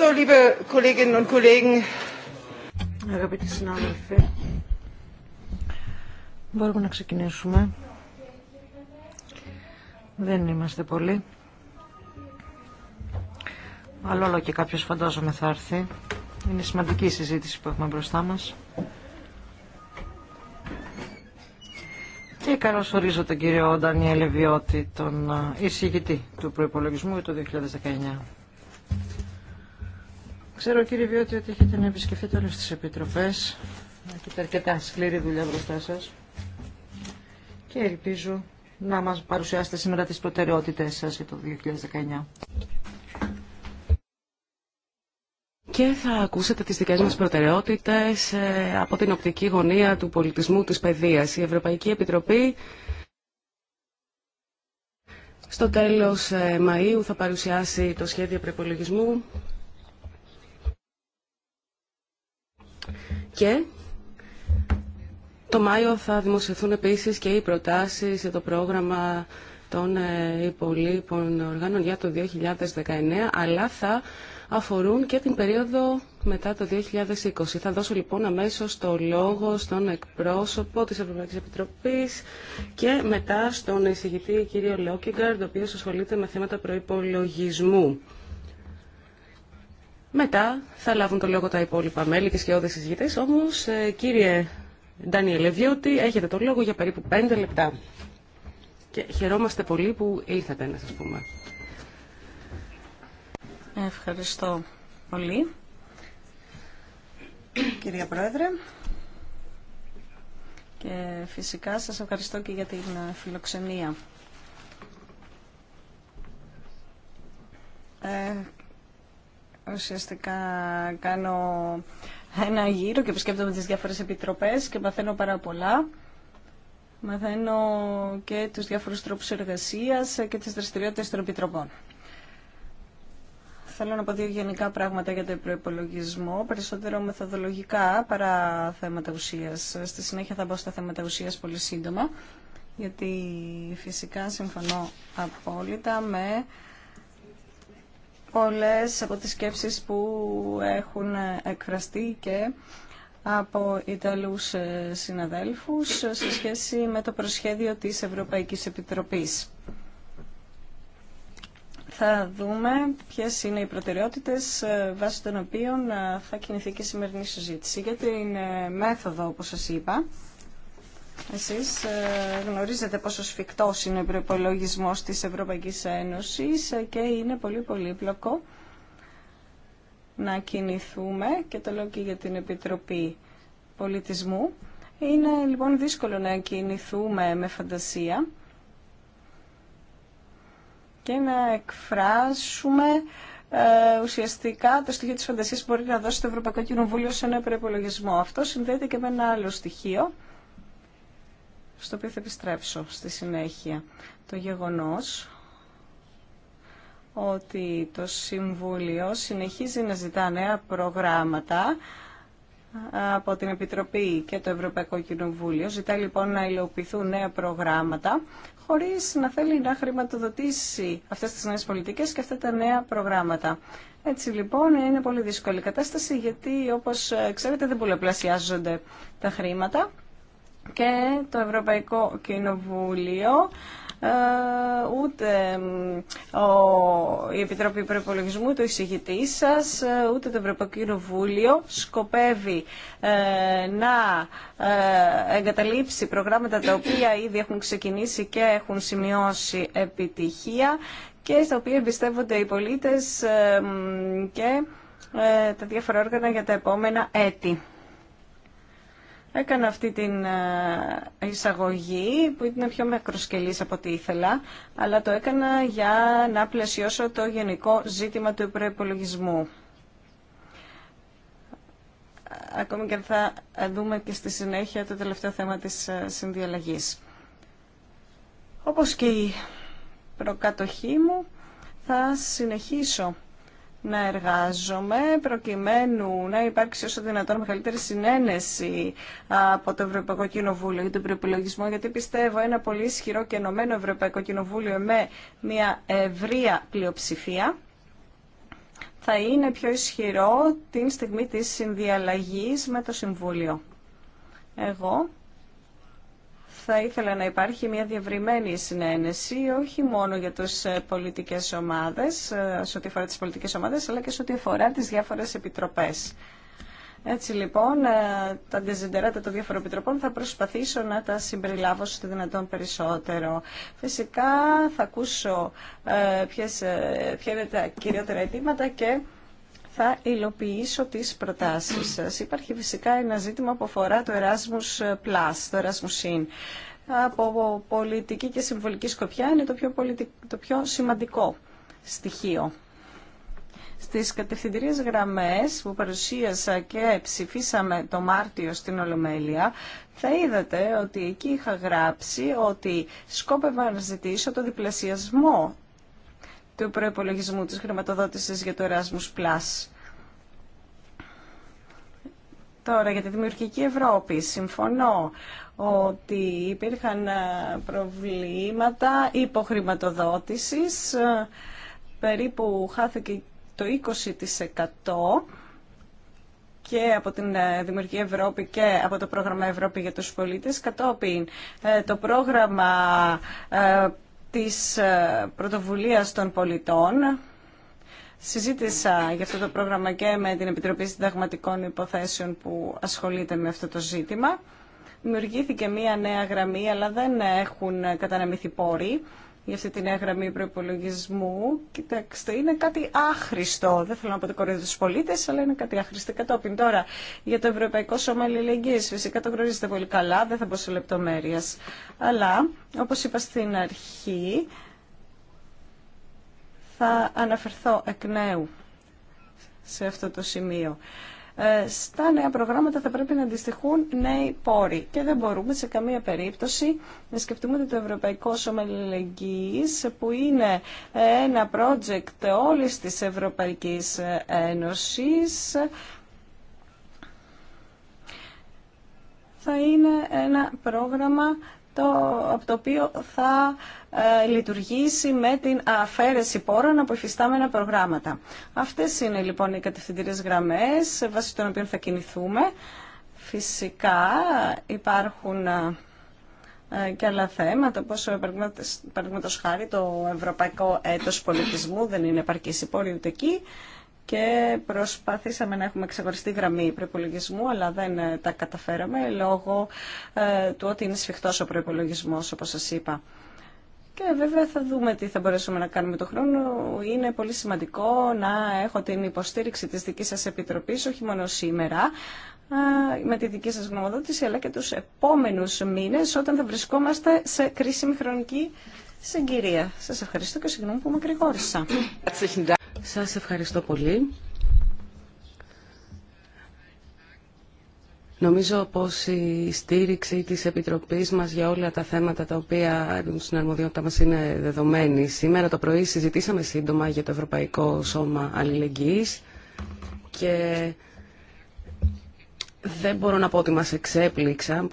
So, liebe Kolleginnen und Kollegen. Αγαπητοί συνάδελφοι, μπορούμε να ξεκινήσουμε. Δεν είμαστε πολλοί. Αλλά όλο και κάποιος φαντάζομαι θα έρθει. Είναι σημαντική η συζήτηση που έχουμε μπροστά μας. Και καλώς ορίζω τον κύριο Ντανιέλε Βιώτη, τον ε, εισηγητή του προϋπολογισμού για το 2019. Ξέρω κύριε Βιώτη ότι έχετε να επισκεφτείτε όλες τις επιτροπές. Έχετε αρκετά σκληρή δουλειά μπροστά σας. Και ελπίζω να μας παρουσιάσετε σήμερα τις προτεραιότητες σας για το 2019. Και θα ακούσετε τις δικές μας προτεραιότητες ε, από την οπτική γωνία του πολιτισμού της παιδείας. Η Ευρωπαϊκή Επιτροπή στο τέλος ε, Μαΐου θα παρουσιάσει το σχέδιο προπολογισμού και το Μάιο θα δημοσιευθούν επίσης και οι προτάσεις για το πρόγραμμα των ε, υπολείπων οργάνων για το 2019, αλλά θα αφορούν και την περίοδο μετά το 2020. Θα δώσω λοιπόν αμέσως το λόγο στον εκπρόσωπο της Ευρωπαϊκής Επιτροπής και μετά στον εισηγητή κύριο Λόκιγκαρντ, ο οποίος ασχολείται με θέματα προϋπολογισμού. Μετά θα λάβουν το λόγο τα υπόλοιπα μέλη και σχεώδες συζητητές, όμως ε, κύριε Ντάνιελ Λεβιώτη έχετε το λόγο για περίπου πέντε λεπτά. Και χαιρόμαστε πολύ που ήρθατε να σας πούμε. Ευχαριστώ πολύ. Κυρία Πρόεδρε, και φυσικά σας ευχαριστώ και για την ε, φιλοξενία. Ε, ουσιαστικά κάνω ένα γύρο και επισκέπτομαι τις διάφορες επιτροπές και μαθαίνω πάρα πολλά. Μαθαίνω και τους διάφορους τρόπους εργασίας και τις δραστηριότητες των επιτροπών. Θέλω να πω δύο γενικά πράγματα για τον προπολογισμό, περισσότερο μεθοδολογικά παρά θέματα ουσίας. Στη συνέχεια θα μπω στα θέματα ουσίας πολύ σύντομα, γιατί φυσικά συμφωνώ απόλυτα με πολλές από τις σκέψεις που έχουν εκφραστεί και από Ιταλούς ε, συναδέλφους σε σχέση με το προσχέδιο της Ευρωπαϊκής Επιτροπής. Θα δούμε ποιες είναι οι προτεραιότητες ε, βάσει των οποίων ε, θα κινηθεί και η σημερινή συζήτηση. Για την μέθοδο, όπως σας είπα, εσείς ε, γνωρίζετε πόσο σφιχτός είναι ο προπολογισμό της Ευρωπαϊκής Ένωσης ε, και είναι πολύ πολύπλοκο να κινηθούμε και το λέω και για την Επιτροπή Πολιτισμού. Είναι λοιπόν δύσκολο να κινηθούμε με φαντασία και να εκφράσουμε ε, ουσιαστικά το στοιχείο της φαντασίας που μπορεί να δώσει το Ευρωπαϊκό Κοινοβούλιο σε ένα προπολογισμό. Αυτό συνδέεται και με ένα άλλο στοιχείο στο οποίο θα επιστρέψω στη συνέχεια. Το γεγονός ότι το Συμβούλιο συνεχίζει να ζητά νέα προγράμματα από την Επιτροπή και το Ευρωπαϊκό Κοινοβούλιο. Ζητά λοιπόν να υλοποιηθούν νέα προγράμματα χωρίς να θέλει να χρηματοδοτήσει αυτές τις νέες πολιτικές και αυτά τα νέα προγράμματα. Έτσι λοιπόν είναι πολύ δύσκολη η κατάσταση γιατί όπως ε, ξέρετε δεν πολλαπλασιάζονται τα χρήματα και το Ευρωπαϊκό Κοινοβούλιο ε, ούτε ο, η Επιτροπή Προπολογισμού, το εισηγητή σας, ε, ούτε το Ευρωπαϊκό Κοινοβούλιο σκοπεύει ε, να ε, εγκαταλείψει προγράμματα τα οποία ήδη έχουν ξεκινήσει και έχουν σημειώσει επιτυχία και στα οποία εμπιστεύονται οι πολίτες και τα διάφορα όργανα για τα επόμενα έτη. Έκανα αυτή την ε, εισαγωγή που ήταν πιο μακροσκελής από ό,τι ήθελα, αλλά το έκανα για να πλαισιώσω το γενικό ζήτημα του προπολογισμού. Ακόμη και θα δούμε και στη συνέχεια το τελευταίο θέμα της ε, συνδιαλλαγής. Όπως και η προκατοχή μου, θα συνεχίσω να εργάζομαι προκειμένου να υπάρξει όσο δυνατόν μεγαλύτερη συνένεση από το Ευρωπαϊκό Κοινοβούλιο για τον προπολογισμό, γιατί πιστεύω ένα πολύ ισχυρό και ενωμένο Ευρωπαϊκό Κοινοβούλιο με μια ευρεία πλειοψηφία θα είναι πιο ισχυρό την στιγμή της συνδιαλλαγής με το Συμβούλιο. Εγώ θα ήθελα να υπάρχει μια διευρυμένη συνένεση όχι μόνο για τις ε, πολιτικές ομάδες, ε, σε ό,τι αφορά τις πολιτικές ομάδες, αλλά και σε ό,τι αφορά τις διάφορες επιτροπές. Έτσι λοιπόν, ε, τα αντιζεντεράτα των διάφορων επιτροπών θα προσπαθήσω να τα συμπεριλάβω στο δυνατόν περισσότερο. Φυσικά θα ακούσω ποιες, ποια είναι τα κυριότερα αιτήματα και θα υλοποιήσω τις προτάσει. Σα Υπάρχει φυσικά ένα ζήτημα που αφορά το Erasmus Plus, το Erasmus In. Από πολιτική και συμβολική σκοπιά είναι το πιο, το πιο σημαντικό στοιχείο. Στις κατευθυντήριε γραμμές που παρουσίασα και ψηφίσαμε το Μάρτιο στην Ολομέλεια, θα είδατε ότι εκεί είχα γράψει ότι σκόπευα να ζητήσω το διπλασιασμό του προϋπολογισμού της χρηματοδότησης για το Erasmus+. Τώρα για τη δημιουργική Ευρώπη. Συμφωνώ ότι υπήρχαν ε, προβλήματα υποχρηματοδότησης. Ε, περίπου χάθηκε το 20% και από την ε, Δημιουργική Ευρώπη και από το πρόγραμμα Ευρώπη για τους πολίτες. Κατόπιν το πρόγραμμα της ε, πρωτοβουλίας των πολιτών. Συζήτησα για αυτό το πρόγραμμα και με την Επιτροπή Συνταγματικών Υποθέσεων που ασχολείται με αυτό το ζήτημα. Δημιουργήθηκε μία νέα γραμμή, αλλά δεν έχουν καταναμηθεί πόροι για αυτή τη νέα γραμμή προπολογισμού. Κοιτάξτε, είναι κάτι άχρηστο. Δεν θέλω να πω το κορίδι του πολίτε, αλλά είναι κάτι άχρηστο. Κατόπιν τώρα για το Ευρωπαϊκό Σώμα Αλληλεγγύη. Φυσικά το γνωρίζετε πολύ καλά, δεν θα πω σε λεπτομέρειε. Αλλά, όπω είπα στην αρχή, θα αναφερθώ εκ νέου σε αυτό το σημείο. Ε, στα νέα προγράμματα θα πρέπει να αντιστοιχούν νέοι πόροι. Και δεν μπορούμε σε καμία περίπτωση να σκεφτούμε ότι το Ευρωπαϊκό Σώμα Αλληλεγγύης, που είναι ε, ένα project όλης της Ευρωπαϊκής ε, Ένωσης, θα είναι ένα πρόγραμμα το, από το οποίο θα ε, λειτουργήσει με την αφαίρεση πόρων από υφιστάμενα προγράμματα. Αυτές είναι λοιπόν οι κατευθυντήριες γραμμές βάσει των οποίων θα κινηθούμε. Φυσικά υπάρχουν ε, και άλλα θέματα, όπως ε, παραδείγματος χάρη το Ευρωπαϊκό Έτος Πολιτισμού δεν είναι επαρκής η ούτε εκεί και προσπαθήσαμε να έχουμε ξεχωριστή γραμμή προπολογισμού, αλλά δεν ε, τα καταφέραμε λόγω ε, του ότι είναι σφιχτός ο προπολογισμό, όπως σας είπα. Και βέβαια θα δούμε τι θα μπορέσουμε να κάνουμε το χρόνο. Είναι πολύ σημαντικό να έχω την υποστήριξη της δικής σας επιτροπής, όχι μόνο σήμερα, με τη δική σας γνωμοδότηση, αλλά και τους επόμενους μήνες, όταν θα βρισκόμαστε σε κρίσιμη χρονική συγκυρία. Σας ευχαριστώ και συγγνώμη που μακρηγόρησα. Σας ευχαριστώ πολύ. Νομίζω πως η στήριξη της Επιτροπής μας για όλα τα θέματα τα οποία στην αρμοδιότητα μας είναι δεδομένη. Σήμερα το πρωί συζητήσαμε σύντομα για το Ευρωπαϊκό Σώμα Αλληλεγγύης και δεν μπορώ να πω ότι μας εξέπληξα.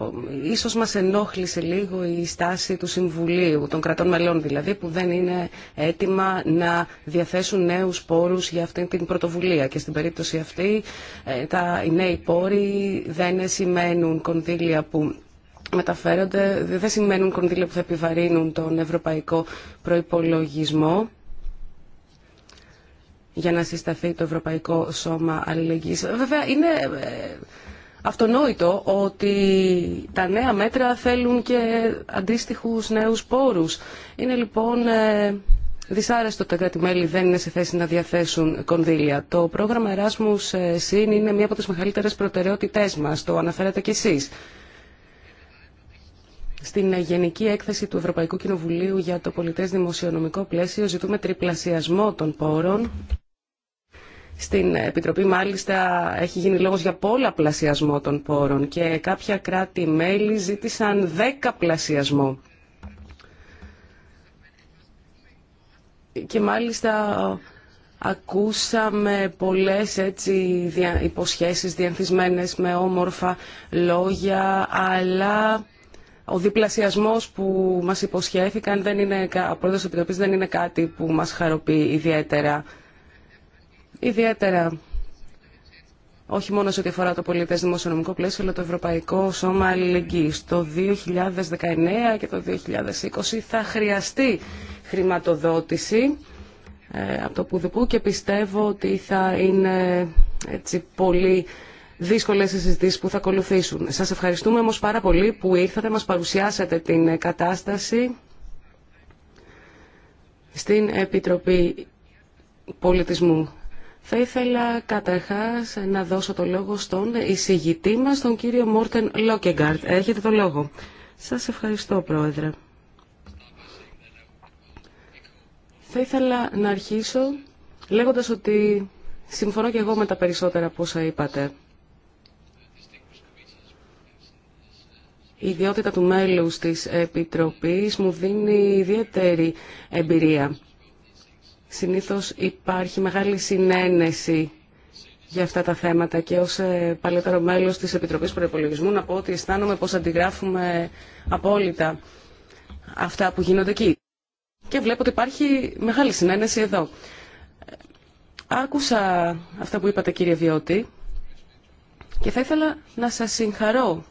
Ίσως μας ενόχλησε λίγο η στάση του Συμβουλίου, των κρατών μελών δηλαδή, που δεν είναι έτοιμα να διαθέσουν νέους πόρους για αυτή την πρωτοβουλία. Και στην περίπτωση αυτή ε, τα, οι νέοι πόροι δεν σημαίνουν κονδύλια που μεταφέρονται, δεν σημαίνουν κονδύλια που θα επιβαρύνουν τον ευρωπαϊκό προϋπολογισμό για να συσταθεί το Ευρωπαϊκό Σώμα Αλληλεγγύης. Βέβαια, είναι ε, αυτονόητο ότι τα νέα μέτρα θέλουν και αντίστοιχους νέους πόρους. Είναι λοιπόν ε, δυσάρεστο ότι τα κράτη-μέλη δεν είναι σε θέση να διαθέσουν κονδύλια. Το πρόγραμμα Erasmus SIN ε, είναι μία από τις μεγαλύτερες προτεραιότητές μας, το αναφέρατε κι εσείς. Στην Γενική Έκθεση του Ευρωπαϊκού Κοινοβουλίου για το Πολιτές Δημοσιονομικό Πλαίσιο ζητούμε τριπλασιασμό των πόρων στην Επιτροπή μάλιστα έχει γίνει λόγος για πολλαπλασιασμό των πόρων και κάποια κράτη-μέλη ζήτησαν δέκαπλασιασμό. Και μάλιστα ακούσαμε πολλές έτσι υποσχέσεις διανθισμένες με όμορφα λόγια, αλλά ο διπλασιασμός που μας υποσχέθηκαν δεν είναι, ο πρόεδρος της Επιτροπής δεν είναι κάτι που μας χαροποιεί ιδιαίτερα ιδιαίτερα όχι μόνο σε ό,τι αφορά το πολιτέ δημοσιονομικό πλαίσιο, αλλά το Ευρωπαϊκό Σώμα Αλληλεγγύη. Το 2019 και το 2020 θα χρειαστεί χρηματοδότηση ε, από το Πουδουπού και πιστεύω ότι θα είναι έτσι, πολύ δύσκολε οι συζητήσει που θα ακολουθήσουν. Σα ευχαριστούμε όμω πάρα πολύ που ήρθατε, μα παρουσιάσατε την κατάσταση στην Επιτροπή Πολιτισμού θα ήθελα καταρχάς να δώσω το λόγο στον εισηγητή μας, τον κύριο Μόρτεν Λόκεγκαρτ. Έχετε το λόγο. Σας ευχαριστώ, Πρόεδρε. Θα ήθελα να αρχίσω λέγοντας ότι συμφωνώ και εγώ με τα περισσότερα που όσα είπατε. Η ιδιότητα του μέλους της Επιτροπής μου δίνει ιδιαίτερη εμπειρία συνήθως υπάρχει μεγάλη συνένεση για αυτά τα θέματα και ως ε, παλαιότερο μέλος της Επιτροπής Προϋπολογισμού να πω ότι αισθάνομαι πως αντιγράφουμε απόλυτα αυτά που γίνονται εκεί. Και βλέπω ότι υπάρχει μεγάλη συνένεση εδώ. Άκουσα αυτά που είπατε κύριε Βιώτη και θα ήθελα να σας συγχαρώ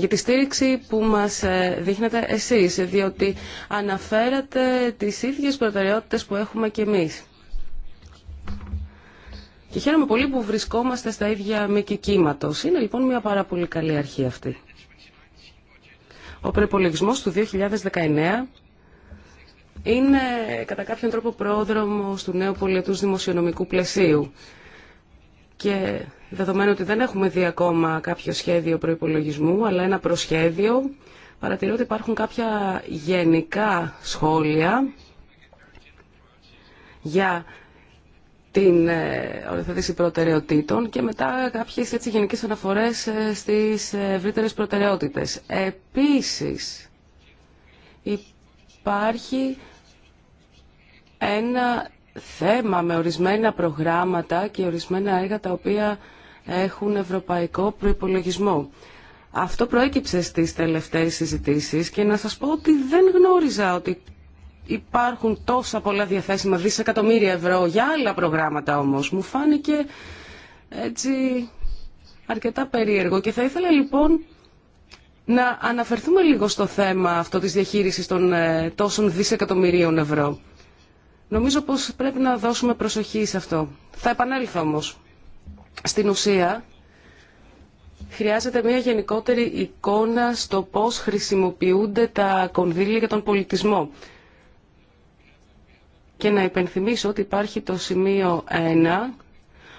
για τη στήριξη που μας ε, δείχνετε εσείς, διότι αναφέρατε τις ίδιες προτεραιότητες που έχουμε και εμείς. Και χαίρομαι πολύ που βρισκόμαστε στα ίδια μήκη κύματος. Είναι λοιπόν μια πάρα πολύ καλή αρχή αυτή. Ο προπολογισμό του 2019 είναι κατά κάποιον τρόπο πρόδρομος του νέου πολιτού δημοσιονομικού πλαισίου και δεδομένου ότι δεν έχουμε δει ακόμα κάποιο σχέδιο προϋπολογισμού, αλλά ένα προσχέδιο, παρατηρώ ότι υπάρχουν κάποια γενικά σχόλια για την ε, οριοθέτηση προτεραιοτήτων και μετά κάποιες έτσι γενικές αναφορές ε, στις ευρύτερε προτεραιότητες. Επίσης, υπάρχει ένα θέμα με ορισμένα προγράμματα και ορισμένα έργα τα οποία έχουν ευρωπαϊκό προϋπολογισμό. Αυτό προέκυψε στις τελευταίες συζητήσεις και να σας πω ότι δεν γνώριζα ότι υπάρχουν τόσα πολλά διαθέσιμα δισεκατομμύρια ευρώ για άλλα προγράμματα όμως. Μου φάνηκε έτσι αρκετά περίεργο και θα ήθελα λοιπόν να αναφερθούμε λίγο στο θέμα αυτό της διαχείρισης των ε, τόσων δισεκατομμυρίων ευρώ. Νομίζω πως πρέπει να δώσουμε προσοχή σε αυτό. Θα επανέλθω όμως. Στην ουσία, χρειάζεται μια γενικότερη εικόνα στο πώς χρησιμοποιούνται τα κονδύλια για τον πολιτισμό. Και να υπενθυμίσω ότι υπάρχει το σημείο 1,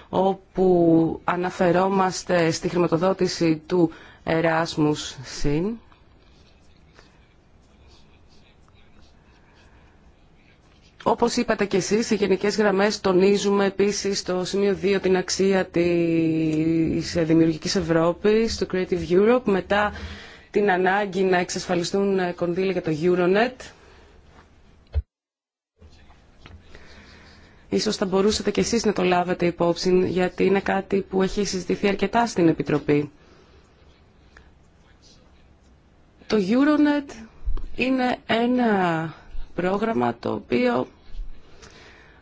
όπου αναφερόμαστε στη χρηματοδότηση του Εράσμους ΣΥΝ, Όπως είπατε και εσείς, οι γενικές γραμμές τονίζουμε επίσης στο σημείο 2 την αξία της δημιουργικής Ευρώπης, του Creative Europe, μετά την ανάγκη να εξασφαλιστούν κονδύλια για το Euronet. Ίσως θα μπορούσατε κι εσείς να το λάβετε υπόψη, γιατί είναι κάτι που έχει συζητηθεί αρκετά στην Επιτροπή. Το Euronet είναι ένα πρόγραμμα το οποίο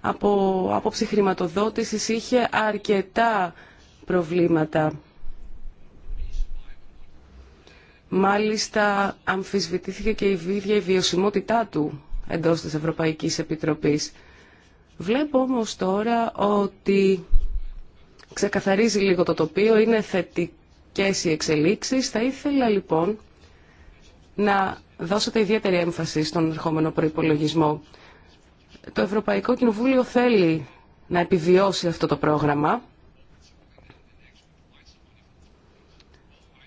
από άποψη χρηματοδότησης είχε αρκετά προβλήματα. Μάλιστα αμφισβητήθηκε και η ίδια η βιωσιμότητά του εντός της Ευρωπαϊκής Επιτροπής. Βλέπω όμως τώρα ότι ξεκαθαρίζει λίγο το τοπίο, είναι θετικές οι εξελίξεις. Θα ήθελα λοιπόν να δώσατε ιδιαίτερη έμφαση στον ερχόμενο προϋπολογισμό. Το Ευρωπαϊκό Κοινοβούλιο θέλει να επιβιώσει αυτό το πρόγραμμα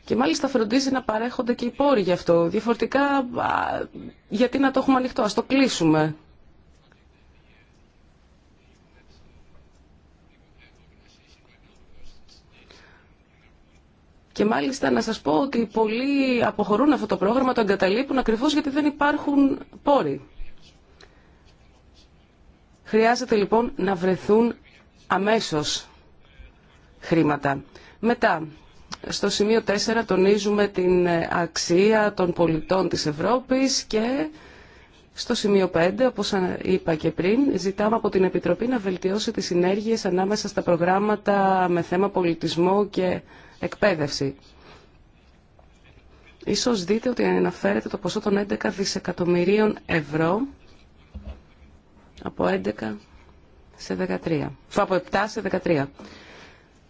και μάλιστα φροντίζει να παρέχονται και οι πόροι γι' αυτό. Διαφορετικά, γιατί να το έχουμε ανοιχτό, ας το κλείσουμε. Και μάλιστα να σας πω ότι πολλοί αποχωρούν αυτό το πρόγραμμα, το εγκαταλείπουν ακριβώς γιατί δεν υπάρχουν πόροι. Χρειάζεται λοιπόν να βρεθούν αμέσως χρήματα. Μετά, στο σημείο 4 τονίζουμε την αξία των πολιτών της Ευρώπης και στο σημείο 5, όπως είπα και πριν, ζητάμε από την Επιτροπή να βελτιώσει τις συνέργειες ανάμεσα στα προγράμματα με θέμα πολιτισμό και εκπαίδευση. Ίσως δείτε ότι αναφέρεται το ποσό των 11 δισεκατομμυρίων ευρώ από 11 σε 13. Από 7 σε 13.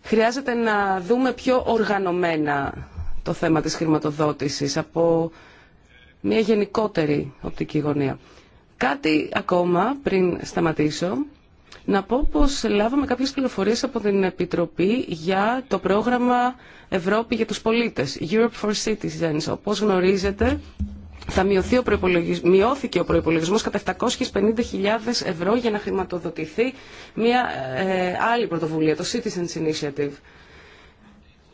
Χρειάζεται να δούμε πιο οργανωμένα το θέμα της χρηματοδότησης από μια γενικότερη οπτική γωνία. Κάτι ακόμα πριν σταματήσω να πω πως λάβαμε κάποιες πληροφορίες από την Επιτροπή για το πρόγραμμα Ευρώπη για τους πολίτες, Europe for Citizens. Όπως γνωρίζετε, θα μειωθεί ο μειώθηκε ο προϋπολογισμός κατά 750.000 ευρώ για να χρηματοδοτηθεί μια ε, άλλη πρωτοβουλία, το Citizens Initiative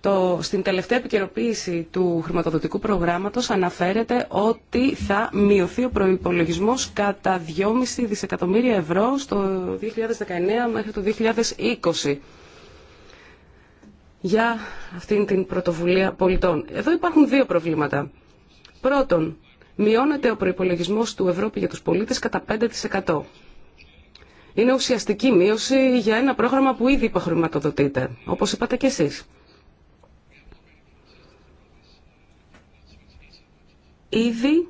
το, στην τελευταία επικαιροποίηση του χρηματοδοτικού προγράμματος αναφέρεται ότι θα μειωθεί ο προϋπολογισμός κατά 2,5 δισεκατομμύρια ευρώ στο 2019 μέχρι το 2020 για αυτήν την πρωτοβουλία πολιτών. Εδώ υπάρχουν δύο προβλήματα. Πρώτον, μειώνεται ο προϋπολογισμός του Ευρώπη για τους πολίτες κατά 5%. Είναι ουσιαστική μείωση για ένα πρόγραμμα που ήδη υποχρηματοδοτείται, όπως είπατε κι εσείς. Ήδη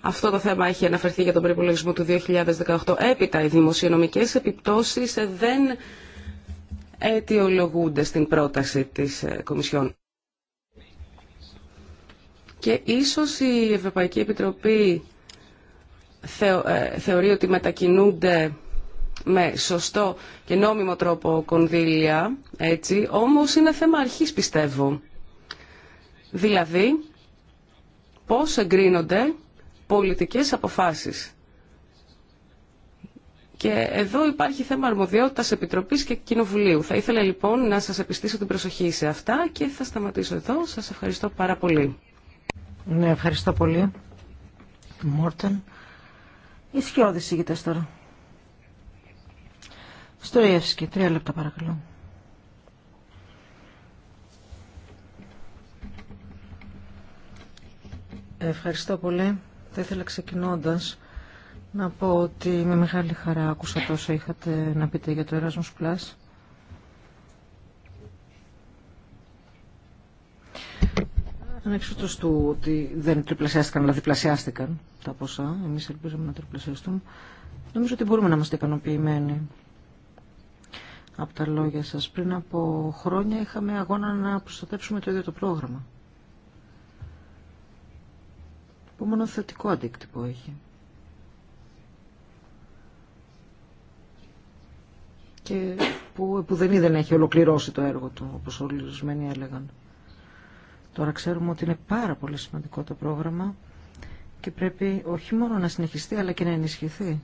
αυτό το θέμα έχει αναφερθεί για τον προπολογισμό του 2018. Έπειτα, οι δημοσιονομικές επιπτώσεις ε, δεν αιτιολογούνται στην πρόταση της ε, Κομισιόν. Και ίσως η Ευρωπαϊκή Επιτροπή ε, θεωρεί ότι μετακινούνται με σωστό και νόμιμο τρόπο κονδύλια, έτσι, όμως είναι θέμα αρχής πιστεύω. Δηλαδή, πώς εγκρίνονται πολιτικές αποφάσεις. Και εδώ υπάρχει θέμα αρμοδιότητας Επιτροπής και Κοινοβουλίου. Θα ήθελα λοιπόν να σας επιστήσω την προσοχή σε αυτά και θα σταματήσω εδώ. Σας ευχαριστώ πάρα πολύ. Ναι, ευχαριστώ πολύ. Μόρτεν. ισχυώδη ηγητές τώρα. και τρία λεπτά παρακαλώ. Ευχαριστώ πολύ. Θα ήθελα ξεκινώντα να πω ότι με μεγάλη χαρά άκουσα τόσο είχατε να πείτε για το Erasmus Plus. Ανεξαρτήτως του ότι δεν τριπλασιάστηκαν αλλά διπλασιάστηκαν τα ποσά, εμείς ελπίζουμε να τριπλασιαστούν, νομίζω ότι μπορούμε να είμαστε ικανοποιημένοι από τα λόγια σας. Πριν από χρόνια είχαμε αγώνα να προστατεύσουμε το ίδιο το πρόγραμμα που μόνο θετικό αντίκτυπο έχει. και που, δεν δεν, να έχει ολοκληρώσει το έργο του, όπως ορισμένοι έλεγαν. Τώρα ξέρουμε ότι είναι πάρα πολύ σημαντικό το πρόγραμμα και πρέπει όχι μόνο να συνεχιστεί αλλά και να ενισχυθεί.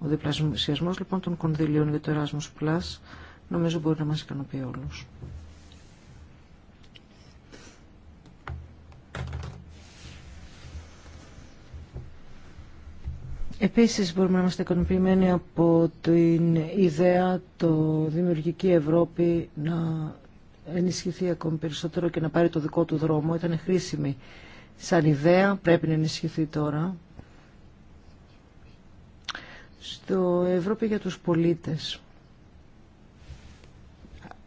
Ο διπλασιασμός λοιπόν των κονδυλίων για το Erasmus Plus νομίζω μπορεί να μας ικανοποιεί όλους. Επίσης μπορούμε να είμαστε ικανοποιημένοι από την ιδέα το Δημιουργική Ευρώπη να ενισχυθεί ακόμη περισσότερο και να πάρει το δικό του δρόμο. Ήταν χρήσιμη σαν ιδέα, πρέπει να ενισχυθεί τώρα. Στο Ευρώπη για τους πολίτες.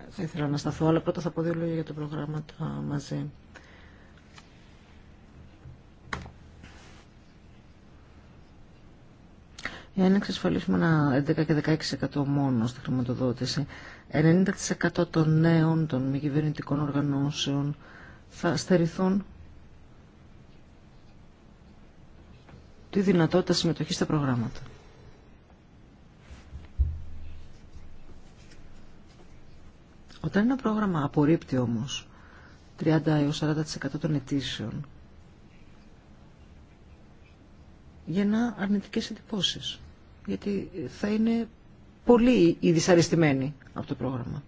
Θα ήθελα να σταθώ, αλλά πρώτα θα πω δύο λόγια για το προγράμματα μαζί. Για να εξασφαλίσουμε ένα 11 και 16% μόνο στη χρηματοδότηση, 90% των νέων, των μη κυβερνητικών οργανώσεων θα στερηθούν τη δυνατότητα συμμετοχής στα προγράμματα. Όταν ένα πρόγραμμα απορρίπτει όμως 30 έως 40% των αιτήσεων, γεννά αρνητικές εντυπώσεις. Γιατί θα είναι πολύ οι δυσαρεστημένοι από το πρόγραμμα.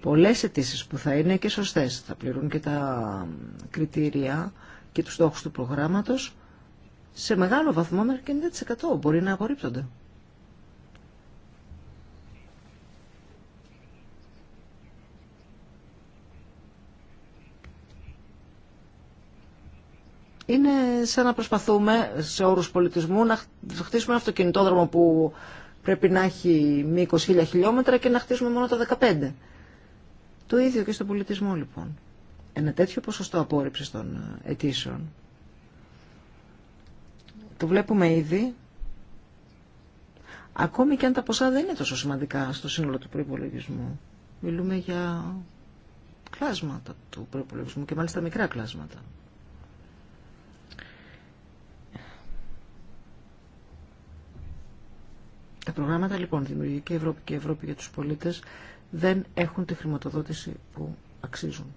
Πολλές αιτήσει που θα είναι και σωστές, θα πληρούν και τα κριτήρια και τους στόχους του προγράμματος, σε μεγάλο βαθμό μέχρι και 90% μπορεί να απορρίπτονται. είναι σαν να προσπαθούμε σε όρους πολιτισμού να χτίσουμε ένα αυτοκινητόδρομο που πρέπει να έχει μήκος χίλια χιλιόμετρα και να χτίσουμε μόνο τα 15. Το ίδιο και στον πολιτισμό λοιπόν. Ένα τέτοιο ποσοστό απόρριψη των ε, αιτήσεων. Το βλέπουμε ήδη. Ακόμη και αν τα ποσά δεν είναι τόσο σημαντικά στο σύνολο του προϋπολογισμού. Μιλούμε για κλάσματα του προϋπολογισμού και μάλιστα μικρά κλάσματα. Τα προγράμματα λοιπόν Δημιουργική Ευρώπη και Ευρώπη για τους πολίτες δεν έχουν τη χρηματοδότηση που αξίζουν.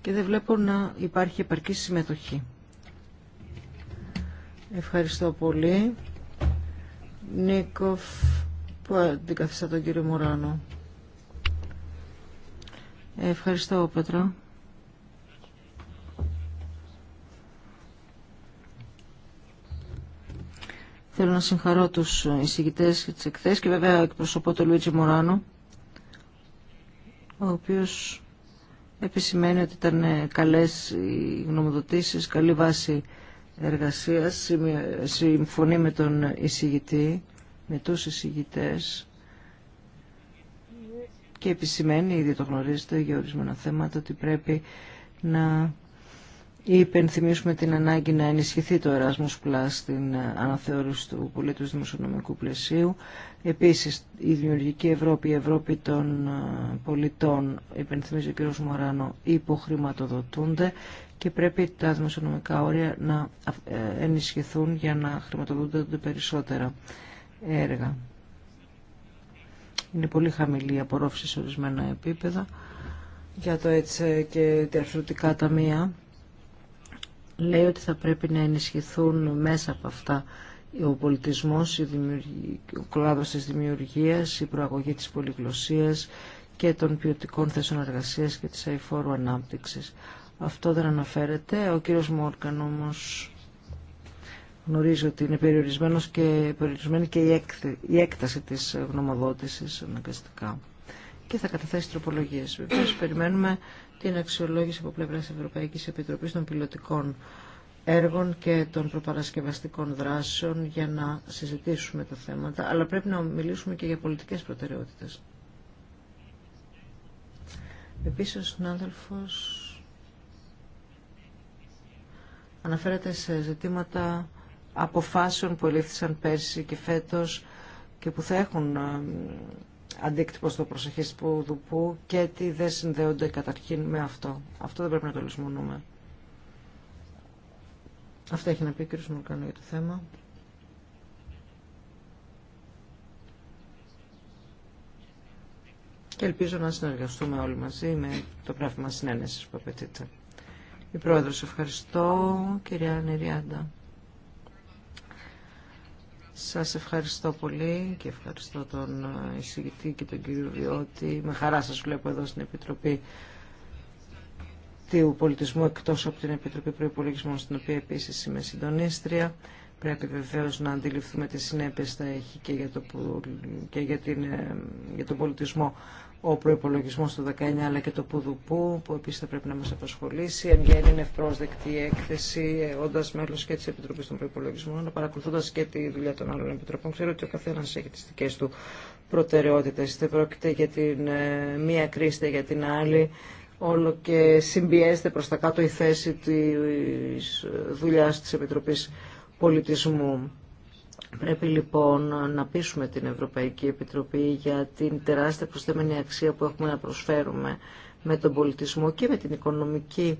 Και δεν βλέπω να υπάρχει επαρκή συμμετοχή. Ευχαριστώ πολύ. Νίκοφ που αντικαθιστά τον κύριο Μουράνο. Ευχαριστώ, Πέτρο. Θέλω να συγχαρώ τους εισηγητές τις εκθέσεις και βέβαια εκπροσωπώ τον Λουίτζι Μωράνο, ο οποίος επισημαίνει ότι ήταν καλές οι γνωμοδοτήσεις, καλή βάση εργασίας, συμφωνεί με τον εισηγητή, με τους εισηγητές και επισημαίνει, ήδη το γνωρίζετε για ορισμένα θέματα, ότι πρέπει να Υπενθυμίσουμε την ανάγκη να ενισχυθεί το Erasmus Plus στην ε, αναθεώρηση του πολίτου δημοσιονομικού πλαισίου. Επίσης, η Δημιουργική Ευρώπη, η Ευρώπη των ε, πολιτών, υπενθυμίζει ο κ. Μωράνο, υποχρηματοδοτούνται και πρέπει τα δημοσιονομικά όρια να ε, ενισχυθούν για να χρηματοδοτούνται περισσότερα έργα. Είναι πολύ χαμηλή η απορρόφηση σε ορισμένα επίπεδα για το έτσι και τα ταμεία λέει ότι θα πρέπει να ενισχυθούν μέσα από αυτά ο πολιτισμός, η ο κλάδος της δημιουργίας, η προαγωγή της πολυγλωσσίας και των ποιοτικών θέσεων εργασίας και της αηφόρου ανάπτυξης. Αυτό δεν αναφέρεται. Ο κύριος Μόρκαν όμως γνωρίζει ότι είναι περιορισμένος και περιορισμένη και η, έκταση της γνωμοδότησης αναγκαστικά. Και θα καταθέσει τροπολογίες. Βεβαίως περιμένουμε την αξιολόγηση από πλευρά Ευρωπαϊκής Επιτροπής των πιλωτικών έργων και των προπαρασκευαστικών δράσεων για να συζητήσουμε τα θέματα, αλλά πρέπει να μιλήσουμε και για πολιτικές προτεραιότητες. Επίσης, ο συνάδελφο αναφέρεται σε ζητήματα αποφάσεων που ελήφθησαν πέρσι και φέτος και που θα έχουν αντίκτυπο στο προσεχές που δουπού και τι δεν συνδέονται καταρχήν με αυτό. Αυτό δεν πρέπει να το λησμονούμε. Αυτά έχει να πει ο κ. Μουρκάνο για το θέμα. Και ελπίζω να συνεργαστούμε όλοι μαζί με το πράγμα συνένεσης που απαιτείται. Η Πρόεδρος, ευχαριστώ. Κυρία Νεριάντα. Σας ευχαριστώ πολύ και ευχαριστώ τον ε, εισηγητή και τον κύριο Βιώτη. Με χαρά σας βλέπω εδώ στην Επιτροπή του Πολιτισμού εκτός από την Επιτροπή Προϋπολογισμών στην οποία επίσης είμαι συντονίστρια. Πρέπει βεβαίω να αντιληφθούμε τι συνέπειε θα έχει και για, το, και για, την, ε, για τον πολιτισμό ο προπολογισμό του 19 αλλά και το Πουδουπού που επίση θα πρέπει να μα απασχολήσει. Εν γέννη είναι ευπρόσδεκτη η έκθεση, όντα μέλο και τη Επιτροπή των Προπολογισμών, παρακολουθώντα και τη δουλειά των άλλων επιτροπών. Ξέρω ότι ο καθένα έχει τι δικέ του προτεραιότητε. Δεν πρόκειται για την ε, μία κρίση, για την άλλη. Όλο και συμπιέστε προ τα κάτω η θέση τη δουλειά τη Επιτροπή Πολιτισμού. Πρέπει λοιπόν να πείσουμε την Ευρωπαϊκή Επιτροπή για την τεράστια προσθέμενη αξία που έχουμε να προσφέρουμε με τον πολιτισμό και με την οικονομική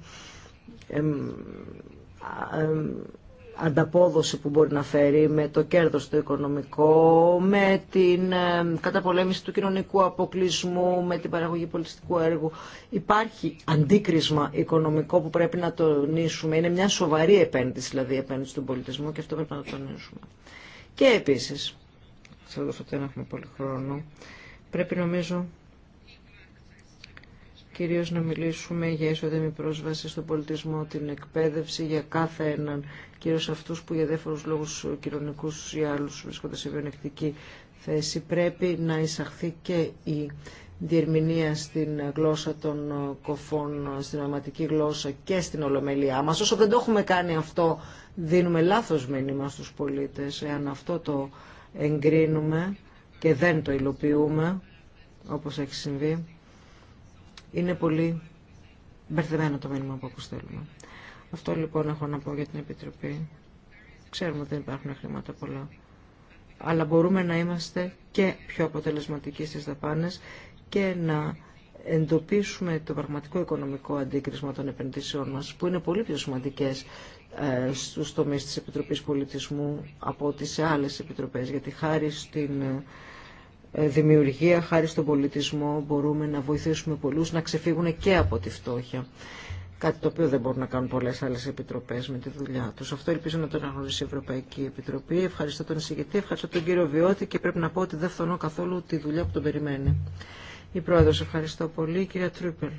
ανταπόδοση που μπορεί να φέρει με το κέρδος το οικονομικό, με την καταπολέμηση του κοινωνικού αποκλεισμού, με την παραγωγή πολιτιστικού έργου. Υπάρχει αντίκρισμα οικονομικό που πρέπει να τονίσουμε. Είναι μια σοβαρή επένδυση, δηλαδή, επένδυση στον πολιτισμού και αυτό πρέπει να τονίσουμε. Και επίσης, σε δώσω δεν έχουμε πολύ χρόνο, πρέπει νομίζω κυρίως να μιλήσουμε για ισοδεμή πρόσβαση στον πολιτισμό, την εκπαίδευση για κάθε έναν, κυρίως αυτούς που για διάφορους λόγους κοινωνικούς ή άλλους βρίσκονται σε βιονεκτική θέση. Πρέπει να εισαχθεί και η διερμηνία στην γλώσσα των κοφών, στην οματική γλώσσα και στην ολομελία μας. Όσο δεν το έχουμε κάνει αυτό δίνουμε λάθος μήνυμα στους πολίτες εάν αυτό το εγκρίνουμε και δεν το υλοποιούμε όπως έχει συμβεί. Είναι πολύ μπερδεμένο το μήνυμα που αποστέλουμε. Αυτό λοιπόν έχω να πω για την Επιτροπή. Ξέρουμε ότι δεν υπάρχουν χρήματα πολλά. Αλλά μπορούμε να είμαστε και πιο αποτελεσματικοί στις δαπάνες και να εντοπίσουμε το πραγματικό οικονομικό αντίκρισμα των επενδύσεων μας, που είναι πολύ πιο σημαντικές ε, στους τομείς της Επιτροπής Πολιτισμού από ό,τι σε άλλες επιτροπές, γιατί χάρη στην ε, δημιουργία, χάρη στον πολιτισμό μπορούμε να βοηθήσουμε πολλούς να ξεφύγουν και από τη φτώχεια. Κάτι το οποίο δεν μπορούν να κάνουν πολλές άλλες επιτροπές με τη δουλειά Του Αυτό ελπίζω να το αναγνωρίσει η Ευρωπαϊκή Επιτροπή. Ευχαριστώ τον εισηγητή, ευχαριστώ τον κύριο Βιώτη και πρέπει να πω ότι δεν καθόλου τη δουλειά που τον περιμένει. Η Πρόεδρος, ευχαριστώ πολύ. Κυρία Τρούπελ.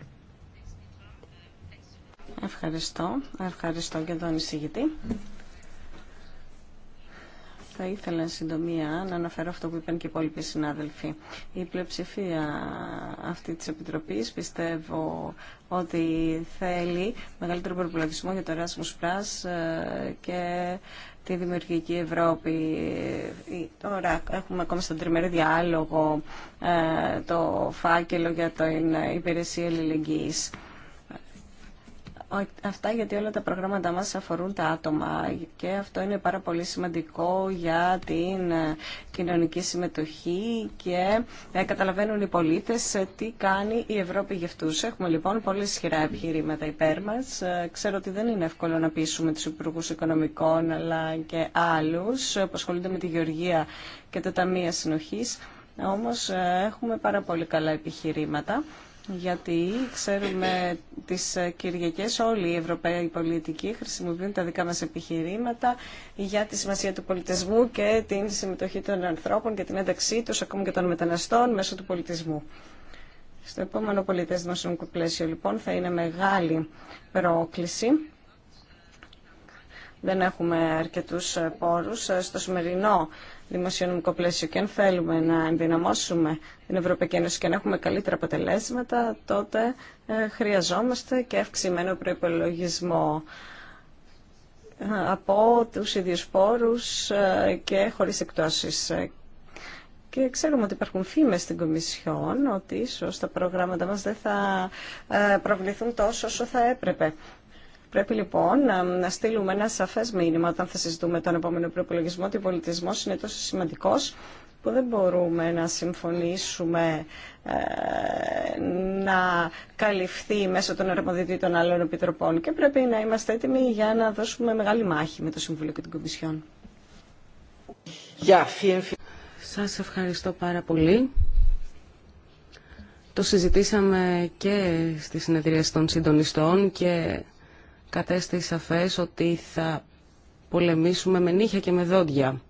Ευχαριστώ. Ευχαριστώ και τον εισηγητή. Θα ήθελα συντομία να αναφέρω αυτό που είπαν και οι υπόλοιποι συνάδελφοι. Η πλειοψηφία αυτή της Επιτροπής πιστεύω ότι θέλει μεγαλύτερο προπολογισμό για το Erasmus Plus ε, και τη δημιουργική Ευρώπη. Ε, τώρα έχουμε ακόμα στον τριμερή διάλογο ε, το φάκελο για την υπηρεσία ελληνικής αυτά γιατί όλα τα προγράμματα μας αφορούν τα άτομα και αυτό είναι πάρα πολύ σημαντικό για την ε, κοινωνική συμμετοχή και ε, καταλαβαίνουν οι πολίτες ε, τι κάνει η Ευρώπη για αυτούς. Έχουμε λοιπόν πολύ ισχυρά επιχειρήματα υπέρ μας. Ξέρω ότι δεν είναι εύκολο να πείσουμε τους υπουργούς οικονομικών αλλά και άλλους που ασχολούνται με τη γεωργία και τα ταμεία συνοχής. Όμως έχουμε πάρα πολύ καλά επιχειρήματα γιατί ξέρουμε τις Κυριακές όλοι οι Ευρωπαίοι πολιτικοί χρησιμοποιούν τα δικά μας επιχειρήματα για τη σημασία του πολιτισμού και την συμμετοχή των ανθρώπων και την ένταξή τους, ακόμη και των μεταναστών, μέσω του πολιτισμού. Στο επόμενο πολιτισμο δημοσιονομικό πλαίσιο, λοιπόν, θα είναι μεγάλη πρόκληση. Δεν έχουμε αρκετούς πόρους. Στο σημερινό δημοσιονομικό πλαίσιο και αν θέλουμε να ενδυναμώσουμε την Ευρωπαϊκή Ένωση και να έχουμε καλύτερα αποτελέσματα, τότε ε, χρειαζόμαστε και αυξημένο προπολογισμό ε, από τους ίδιους πόρους ε, και χωρίς εκτόσεις. Και ξέρουμε ότι υπάρχουν φήμες στην Κομισιόν ότι ίσως τα προγράμματα μας δεν θα προβληθούν τόσο όσο θα έπρεπε. Πρέπει λοιπόν να, στείλουμε ένα σαφέ μήνυμα όταν θα συζητούμε τον επόμενο προπολογισμό ότι ο πολιτισμό είναι τόσο σημαντικός που δεν μπορούμε να συμφωνήσουμε ε, να καλυφθεί μέσω των αρμοδιοτήτων άλλων επιτροπών και πρέπει να είμαστε έτοιμοι για να δώσουμε μεγάλη μάχη με το Συμβουλίο και την Κομισιόν. Σα Σας ευχαριστώ πάρα πολύ. Το συζητήσαμε και στη συνεδρία των συντονιστών και κατέστη σαφές ότι θα πολεμήσουμε με νύχια και με δόντια.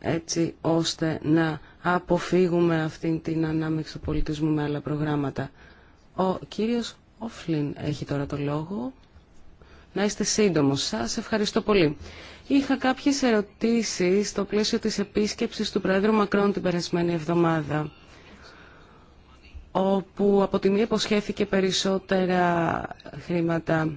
έτσι ώστε να αποφύγουμε αυτήν την ανάμειξη του πολιτισμού με άλλα προγράμματα. Ο κύριος Οφλίν έχει τώρα το λόγο. Να είστε σύντομος. Σας ευχαριστώ πολύ. Είχα κάποιες ερωτήσεις στο πλαίσιο της επίσκεψης του Πρόεδρου Μακρόν την περασμένη εβδομάδα όπου από τη μία υποσχέθηκε περισσότερα χρήματα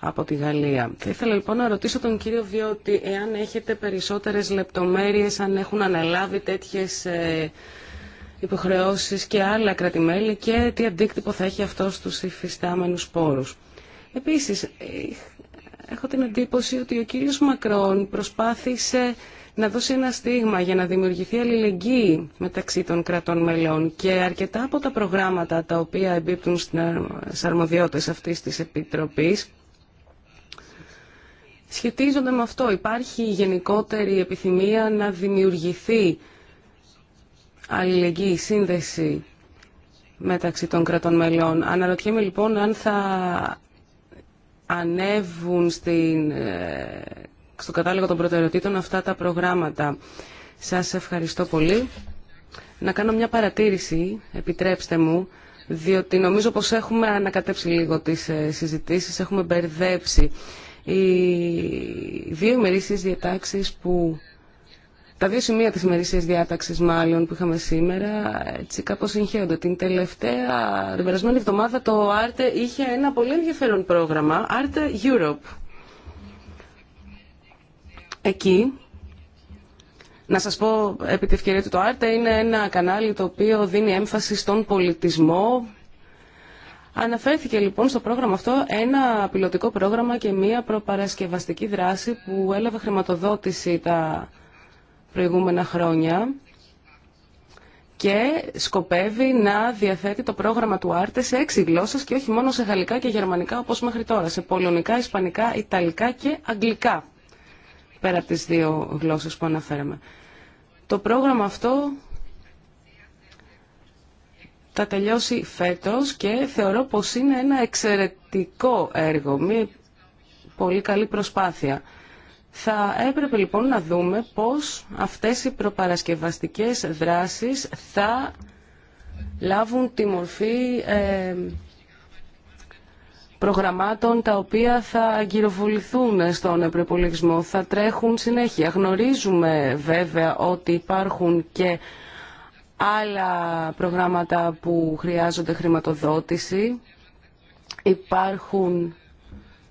από τη Γαλλία. Θα ήθελα λοιπόν να ρωτήσω τον κύριο Βιώτη εάν έχετε περισσότερες λεπτομέρειες, αν έχουν αναλάβει τέτοιες ε, υποχρεώσεις και άλλα κρατημέλη και τι αντίκτυπο θα έχει αυτό στους υφιστάμενους πόρους. Επίσης, ε, έχω την εντύπωση ότι ο κύριος Μακρόν προσπάθησε να δώσει ένα στίγμα για να δημιουργηθεί αλληλεγγύη μεταξύ των κρατών μελών και αρκετά από τα προγράμματα τα οποία εμπίπτουν στις αρμοδιότητες αυτής της Επιτροπής σχετίζονται με αυτό. Υπάρχει γενικότερη επιθυμία να δημιουργηθεί αλληλεγγύη, σύνδεση μεταξύ των κρατών μελών. Αναρωτιέμαι λοιπόν αν θα ανέβουν στην ε, στο κατάλογο των προτεραιοτήτων αυτά τα προγράμματα. Σας ευχαριστώ πολύ. Να κάνω μια παρατήρηση, επιτρέψτε μου, διότι νομίζω πως έχουμε ανακατέψει λίγο τις ε, συζητήσεις, έχουμε μπερδέψει. Οι δύο ημερήσεις διατάξεις που... Τα δύο σημεία της ημερήσιας διάταξης μάλλον που είχαμε σήμερα έτσι κάπως συγχέονται. Την τελευταία, την περασμένη εβδομάδα το Άρτε είχε ένα πολύ ενδιαφέρον πρόγραμμα, Άρτε Europe Εκεί, να σας πω επί τη ευκαιρία του το Άρτε, είναι ένα κανάλι το οποίο δίνει έμφαση στον πολιτισμό. Αναφέρθηκε λοιπόν στο πρόγραμμα αυτό ένα πιλωτικό πρόγραμμα και μία προπαρασκευαστική δράση που έλαβε χρηματοδότηση τα προηγούμενα χρόνια και σκοπεύει να διαθέτει το πρόγραμμα του Άρτε σε έξι γλώσσες και όχι μόνο σε γαλλικά και γερμανικά όπως μέχρι τώρα, σε πολωνικά, ισπανικά, ιταλικά και αγγλικά πέρα από τις δύο γλώσσες που αναφέραμε. Το πρόγραμμα αυτό θα τελειώσει φέτος και θεωρώ πως είναι ένα εξαιρετικό έργο, μια πολύ καλή προσπάθεια. Θα έπρεπε λοιπόν να δούμε πώς αυτές οι προπαρασκευαστικές δράσεις θα λάβουν τη μορφή ε, προγραμμάτων τα οποία θα αγκυροβοληθούν στον προπολογισμό, θα τρέχουν συνέχεια. Γνωρίζουμε βέβαια ότι υπάρχουν και άλλα προγράμματα που χρειάζονται χρηματοδότηση. Υπάρχουν,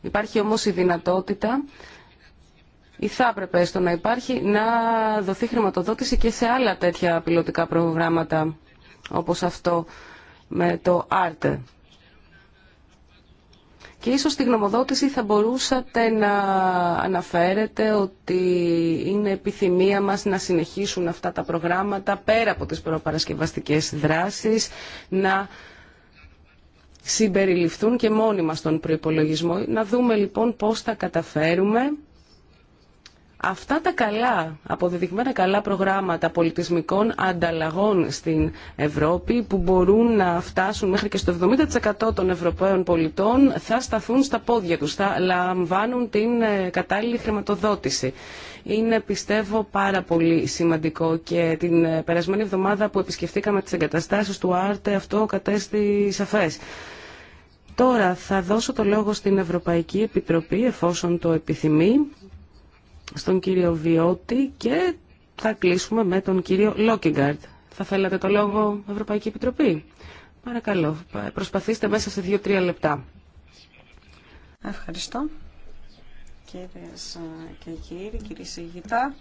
υπάρχει όμως η δυνατότητα ή θα έπρεπε έστω να υπάρχει, να δοθεί χρηματοδότηση και σε άλλα τέτοια πιλωτικά προγράμματα, όπως αυτό με το ARTE. Και ίσως στη γνωμοδότηση θα μπορούσατε να αναφέρετε ότι είναι επιθυμία μας να συνεχίσουν αυτά τα προγράμματα πέρα από τις προπαρασκευαστικές δράσεις, να συμπεριληφθούν και μόνοι στον προϋπολογισμό. Να δούμε λοιπόν πώς θα καταφέρουμε Αυτά τα καλά, αποδεδειγμένα καλά προγράμματα πολιτισμικών ανταλλαγών στην Ευρώπη που μπορούν να φτάσουν μέχρι και στο 70% των Ευρωπαίων πολιτών θα σταθούν στα πόδια τους, θα λαμβάνουν την ε, κατάλληλη χρηματοδότηση. Είναι πιστεύω πάρα πολύ σημαντικό και την ε, περασμένη εβδομάδα που επισκεφτήκαμε τις εγκαταστάσεις του Άρτε αυτό κατέστη σαφές. Τώρα θα δώσω το λόγο στην Ευρωπαϊκή Επιτροπή εφόσον το επιθυμεί στον κύριο Βιώτη και θα κλείσουμε με τον κύριο Λόκιγκαρντ. Θα θέλατε το λόγο Ευρωπαϊκή Επιτροπή. Παρακαλώ, προσπαθήστε μέσα σε δύο-τρία λεπτά. Ευχαριστώ. Κυρίες ε, και κύριοι, κύριε Σιγητά,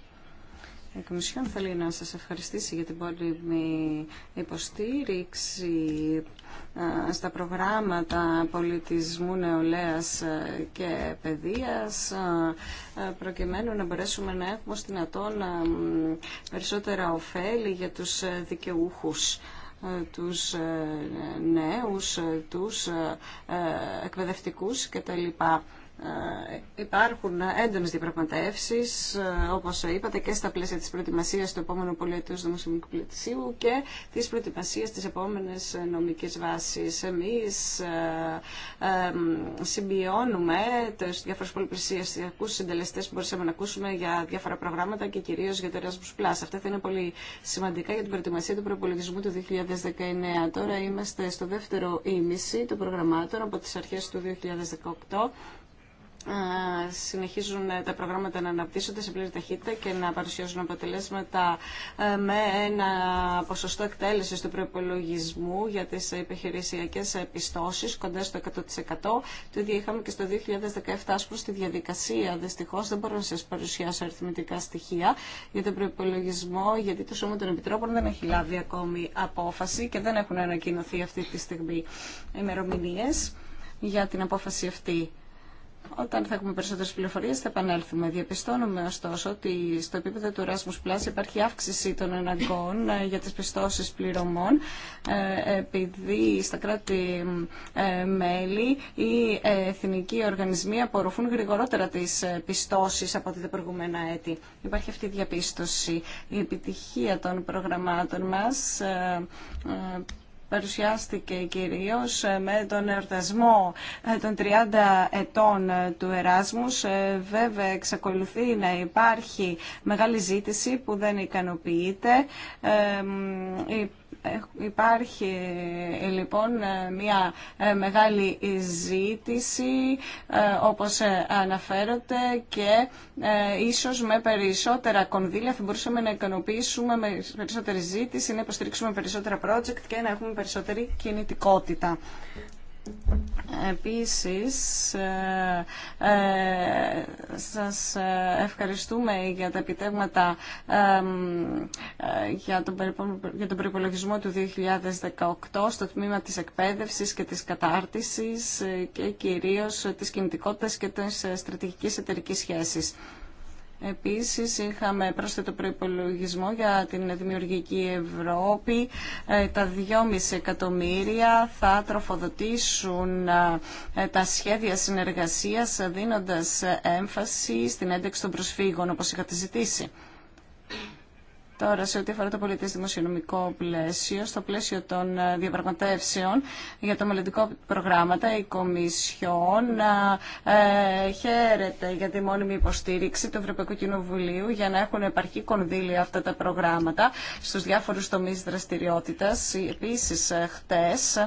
η Κομισιόν θέλει να σας ευχαριστήσει για την πολύ υποστήριξη ε, στα προγράμματα πολιτισμού νεολαίας ε, και παιδείας ε, προκειμένου να μπορέσουμε να έχουμε στην ατόνα περισσότερα ωφέλη για τους δικαιούχους τους νέους, τους εκπαιδευτικούς κτλ. Ε, υπάρχουν έντονε διαπραγματεύσει, ε, όπω είπατε, και στα πλαίσια τη προετοιμασία του επόμενου πολιετού δημοσιονομικού πλαισίου και τη προετοιμασία τη επόμενη νομική βάση. Εμεί ε, συμπιώνουμε του διάφορου πολυπλησιαστικού συντελεστέ που μπορούσαμε να ακούσουμε για διάφορα προγράμματα και κυρίω για το Erasmus Plus. Αυτά θα είναι πολύ σημαντικά για την προετοιμασία του προπολογισμού του 2019. Τώρα είμαστε στο δεύτερο ήμιση των προγραμμάτων από τι αρχέ του 2018 συνεχίζουν ε, τα προγράμματα να αναπτύσσονται σε πλήρη ταχύτητα και να παρουσιάζουν αποτελέσματα ε, με ένα ποσοστό εκτέλεση του προπολογισμού για τι επιχειρησιακέ επιστώσει κοντά στο 100%. Το ίδιο είχαμε και στο 2017 ω προ τη διαδικασία. Δυστυχώ δεν μπορώ να σα παρουσιάσω αριθμητικά στοιχεία για τον προπολογισμό, γιατί το Σώμα των Επιτρόπων δεν έχει λάβει ακόμη απόφαση και δεν έχουν ανακοινωθεί αυτή τη στιγμή ημερομηνίε για την απόφαση αυτή. Όταν θα έχουμε περισσότερες πληροφορίε θα επανέλθουμε. Διαπιστώνουμε ωστόσο ότι στο επίπεδο του Erasmus Plus υπάρχει αύξηση των αναγκών ε, για τις πιστώσεις πληρωμών ε, επειδή στα κράτη-μέλη ε, οι εθνικοί οργανισμοί απορροφούν γρηγορότερα τις πιστώσεις από τα προηγούμενα έτη. Υπάρχει αυτή η διαπίστωση. Η επιτυχία των προγραμμάτων μα παρουσιάστηκε κυρίως ε, με τον εορτασμό ε, των 30 ετών ε, του Εράσμους. Βέβαια, εξακολουθεί να υπάρχει μεγάλη ζήτηση που δεν ικανοποιείται. Υπάρχει ε, λοιπόν ε, μια ε, μεγάλη ζήτηση όπως αναφέρονται και ίσως με περισσότερα κονδύλια θα μπορούσαμε να ικανοποιήσουμε με περισσότερη ζήτηση, να υποστηρίξουμε περισσότερα project και να έχουμε περισσότερη κινητικότητα. Επίσης, ε, ε, σας ε, ευχαριστούμε για τα επιτεύγματα για τον περιπολογισμό του 2018 στο τμήμα της εκπαίδευσης και της κατάρτισης και κυρίως της κινητικότητας και της στρατηγικής εταιρικής σχέσης. Επίσης είχαμε πρόσθετο προϋπολογισμό για την δημιουργική Ευρώπη. Ε, τα 2,5 εκατομμύρια θα τροφοδοτήσουν ε, τα σχέδια συνεργασίας δίνοντας έμφαση στην ένταξη των προσφύγων όπως είχατε ζητήσει. Τώρα, σε ό,τι αφορά το πολιτιστικό δημοσιονομικό πλαίσιο, στο πλαίσιο των ε, διαπραγματεύσεων για τα μελλοντικά προγράμματα, η Κομισιόν ε, χαίρεται για τη μόνιμη υποστήριξη του Ευρωπαϊκού Κοινοβουλίου για να έχουν επαρκή κονδύλια αυτά τα προγράμματα στους διάφορους τομείς δραστηριότητας. Επίσης, ε, χτες,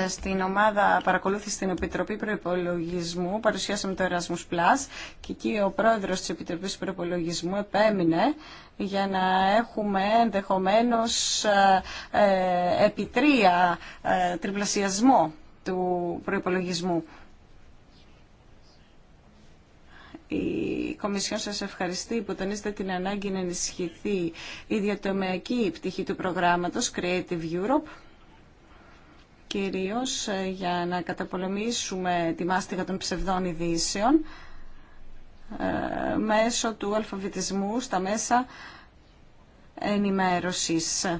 ε, στην ομάδα παρακολούθηση στην Επιτροπή Προπολογισμού παρουσιάσαμε το Erasmus Plus και εκεί ο πρόεδρος της Επιτροπής Προπολογισμού επέμεινε για να έχουμε ενδεχομένως ε, ε, επιτρία τριπλασιασμό του προϋπολογισμού. Η Κομισιόν σας ευχαριστεί που τονίζετε την ανάγκη να ενισχυθεί η διατομιακή πτυχή του προγράμματος Creative Europe κυρίως ε, για να καταπολεμήσουμε τη μάστιγα των ψευδών ειδήσεων ε, μέσω του αλφαβητισμού στα μέσα ενημέρωσης.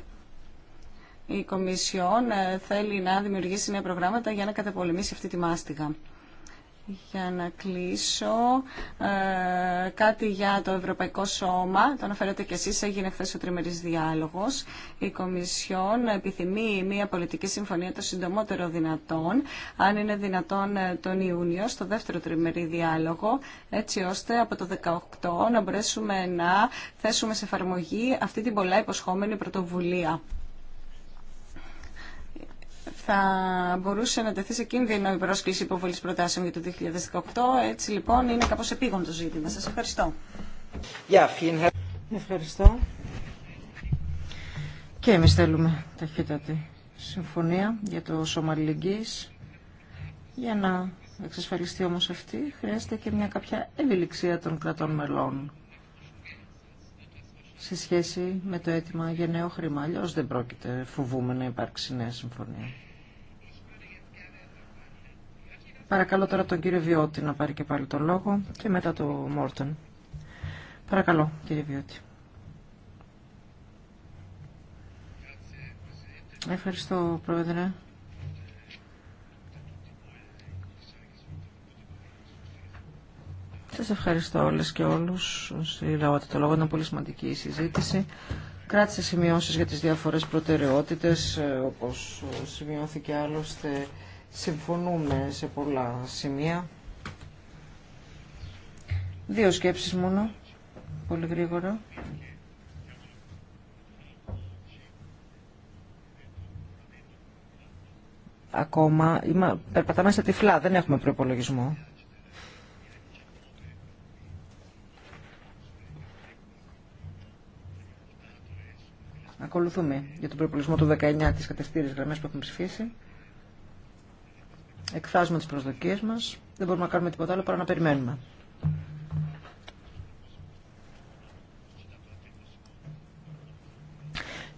Η Κομισιόν ε, θέλει να δημιουργήσει νέα προγράμματα για να καταπολεμήσει αυτή τη μάστιγα για να κλείσω ε, κάτι για το Ευρωπαϊκό Σώμα. Το αναφέρατε κι εσείς, έγινε χθε ο τριμερής διάλογος. Η Κομισιόν επιθυμεί μια πολιτική συμφωνία το συντομότερο δυνατόν, αν είναι δυνατόν ε, τον Ιούνιο, στο δεύτερο τριμερή διάλογο, έτσι ώστε από το 18 να μπορέσουμε να θέσουμε σε εφαρμογή αυτή την πολλά υποσχόμενη πρωτοβουλία θα μπορούσε να τεθεί σε κίνδυνο η πρόσκληση υποβολή προτάσεων για το 2018. Έτσι λοιπόν είναι κάπω επίγον το ζήτημα. Σα ευχαριστώ. Ευχαριστώ. Και εμεί θέλουμε ταχύτατη συμφωνία για το σώμα Για να εξασφαλιστεί όμω αυτή χρειάζεται και μια κάποια ευηλιξία των κρατών μελών σε σχέση με το αίτημα για νέο χρήμα. Αλλιώ δεν πρόκειται φοβούμε να υπάρξει νέα συμφωνία. Παρακαλώ τώρα τον κύριο Βιώτη να πάρει και πάλι τον λόγο και μετά το Μόρτον. Παρακαλώ κύριε Βιώτη. Ευχαριστώ πρόεδρε. Σας ευχαριστώ όλες και όλους όσοι το λόγο. ήταν πολύ σημαντική η συζήτηση. Κράτησε σημειώσεις για τις διάφορες προτεραιότητες, ε, όπως σημειώθηκε άλλωστε συμφωνούμε σε πολλά σημεία. Δύο σκέψεις μόνο, πολύ γρήγορα. Ακόμα, είμα, περπατάμε στα τυφλά, δεν έχουμε προπολογισμό. Ακολουθούμε για τον προπολογισμό του 19 της κατευθύνης γραμμές που έχουμε ψηφίσει εκφράζουμε τις προσδοκίες μας. Δεν μπορούμε να κάνουμε τίποτα άλλο παρά να περιμένουμε.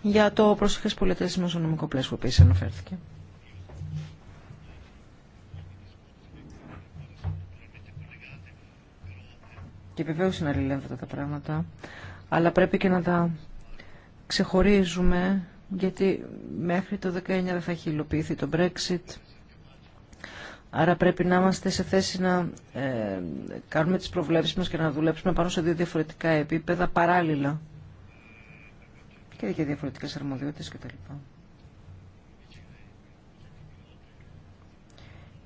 Για το προσεχές πολιτές νομικός πλαίσιο που επίσης αναφέρθηκε. Και βεβαίω είναι αλληλεύθερα τα πράγματα, αλλά πρέπει και να τα ξεχωρίζουμε, γιατί μέχρι το 19 δεν θα έχει υλοποιηθεί το Brexit Άρα πρέπει να είμαστε σε θέση να ε, κάνουμε τις προβλέψεις μας και να δουλέψουμε πάνω σε δύο διαφορετικά επίπεδα παράλληλα και για διαφορετικές αρμοδιότητες κτλ.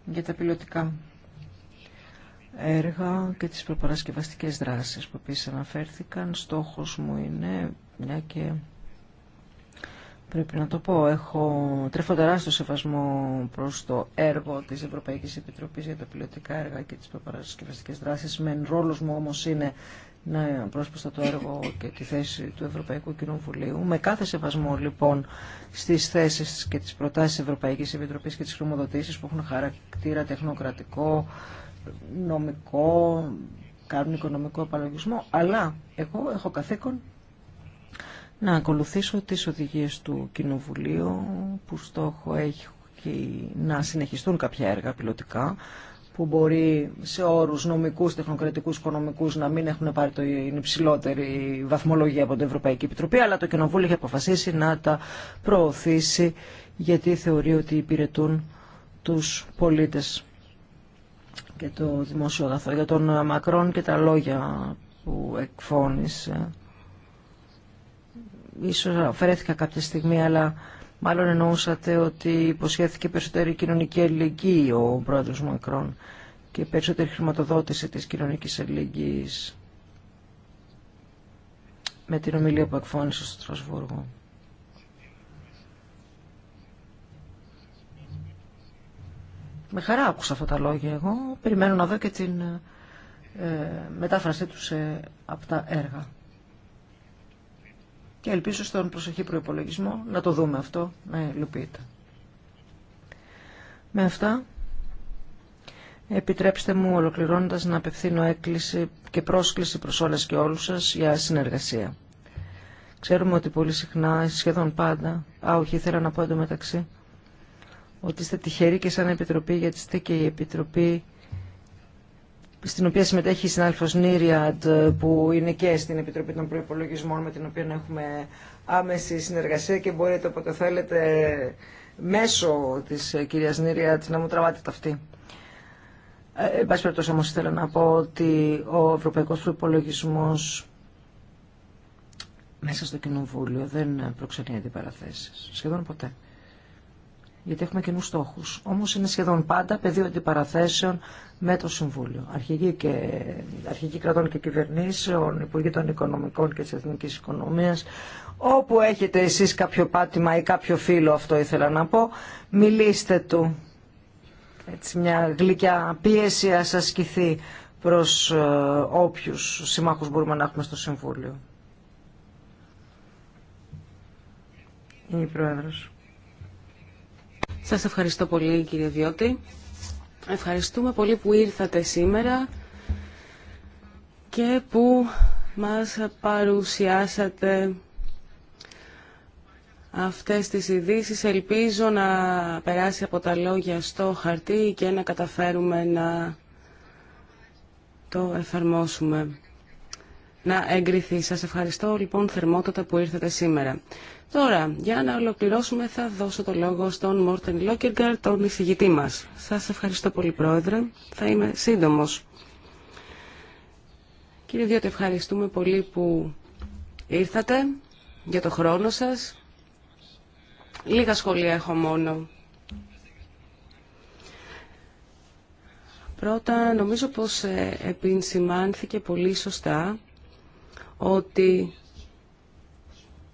Για τα πιλωτικά έργα και τις προπαρασκευαστικές δράσεις που επίσης αναφέρθηκαν, στόχος μου είναι, μια και Πρέπει να το πω, έχω τρέφω τεράστιο σεβασμό προς το έργο της Ευρωπαϊκής Επιτροπής για τα πιλωτικά έργα και τις προπαρασκευαστικές δράσεις. Με ρόλος μου όμως είναι να πρόσπαστα το έργο και τη θέση του Ευρωπαϊκού Κοινοβουλίου. Με κάθε σεβασμό λοιπόν στις θέσεις και τις προτάσεις της Ευρωπαϊκής Επιτροπής και τις χρηματοδοτήσεις που έχουν χαρακτήρα τεχνοκρατικό, νομικό, κάνουν οικονομικό απαλλαγισμό, αλλά εγώ έχω καθήκον να ακολουθήσω τις οδηγίες του Κοινοβουλίου που στόχο έχει να συνεχιστούν κάποια έργα πιλωτικά που μπορεί σε όρους νομικούς, τεχνοκρατικούς, οικονομικούς να μην έχουν πάρει την υψηλότερη βαθμολογία από την Ευρωπαϊκή Επιτροπή αλλά το Κοινοβούλιο έχει αποφασίσει να τα προωθήσει γιατί θεωρεί ότι υπηρετούν τους πολίτες και το δημόσιο αγαθό για τον Μακρόν και τα λόγια που εκφώνησε ίσως αφαιρέθηκα κάποια στιγμή, αλλά μάλλον εννοούσατε ότι υποσχέθηκε περισσότερη κοινωνική αλληλεγγύη ο πρόεδρος Μακρόν και περισσότερη χρηματοδότηση της κοινωνικής αλληλεγγύης με την ομιλία που εκφώνησε στο Στρασβούργο. Με χαρά άκουσα αυτά τα λόγια εγώ. Περιμένω να δω και την ε, μετάφρασή τους σε, από τα έργα. Και ελπίζω στον προσοχή προϋπολογισμό να το δούμε αυτό με Λουπίτα. Με αυτά, επιτρέψτε μου ολοκληρώνοντας να απευθύνω έκκληση και πρόσκληση προς όλες και όλους σας για συνεργασία. Ξέρουμε ότι πολύ συχνά, σχεδόν πάντα, α, όχι, ήθελα να πω εντωμεταξύ, ότι είστε τυχεροί και σαν Επιτροπή, γιατί είστε και η Επιτροπή στην οποία συμμετέχει η συνάδελφο Νίριαντ που είναι και στην Επιτροπή των Προϋπολογισμών με την οποία έχουμε άμεση συνεργασία και μπορείτε όποτε θέλετε μέσω της κυρίας Νίριαντ να μου τραβάτε τα. Ε, εν πάση περιπτώσει όμω, θέλω να πω ότι ο Ευρωπαϊκός Προπολογισμό μέσα στο Κοινοβούλιο δεν προξενεί αντιπαραθέσει. Σχεδόν ποτέ γιατί έχουμε κοινού στόχου. Όμω είναι σχεδόν πάντα πεδίο αντιπαραθέσεων με το Συμβούλιο. Αρχηγοί, και, κρατών και κυβερνήσεων, Υπουργοί των Οικονομικών και τη Εθνική Οικονομία, όπου έχετε εσεί κάποιο πάτημα ή κάποιο φίλο, αυτό ήθελα να πω, μιλήστε του. Έτσι, μια γλυκιά πίεση α ασκηθεί προ ε, όποιου συμμάχου μπορούμε να έχουμε στο Συμβούλιο. Η Πρόεδρος. Σας ευχαριστώ πολύ κύριε Διώτη. Ευχαριστούμε πολύ που ήρθατε σήμερα και που μας παρουσιάσατε αυτές τις ειδήσει. Ελπίζω να περάσει από τα λόγια στο χαρτί και να καταφέρουμε να το εφαρμόσουμε να εγκριθεί. Σας ευχαριστώ λοιπόν θερμότατα που ήρθατε σήμερα. Τώρα, για να ολοκληρώσουμε θα δώσω το λόγο στον Μόρτεν Λόκεργκαρ, τον εισηγητή μας. Σας ευχαριστώ πολύ Πρόεδρε, θα είμαι σύντομος. Κύριε Διώτη, ευχαριστούμε πολύ που ήρθατε για το χρόνο σας. Λίγα σχόλια έχω μόνο. Πρώτα, νομίζω πως ε, επισημάνθηκε πολύ σωστά ότι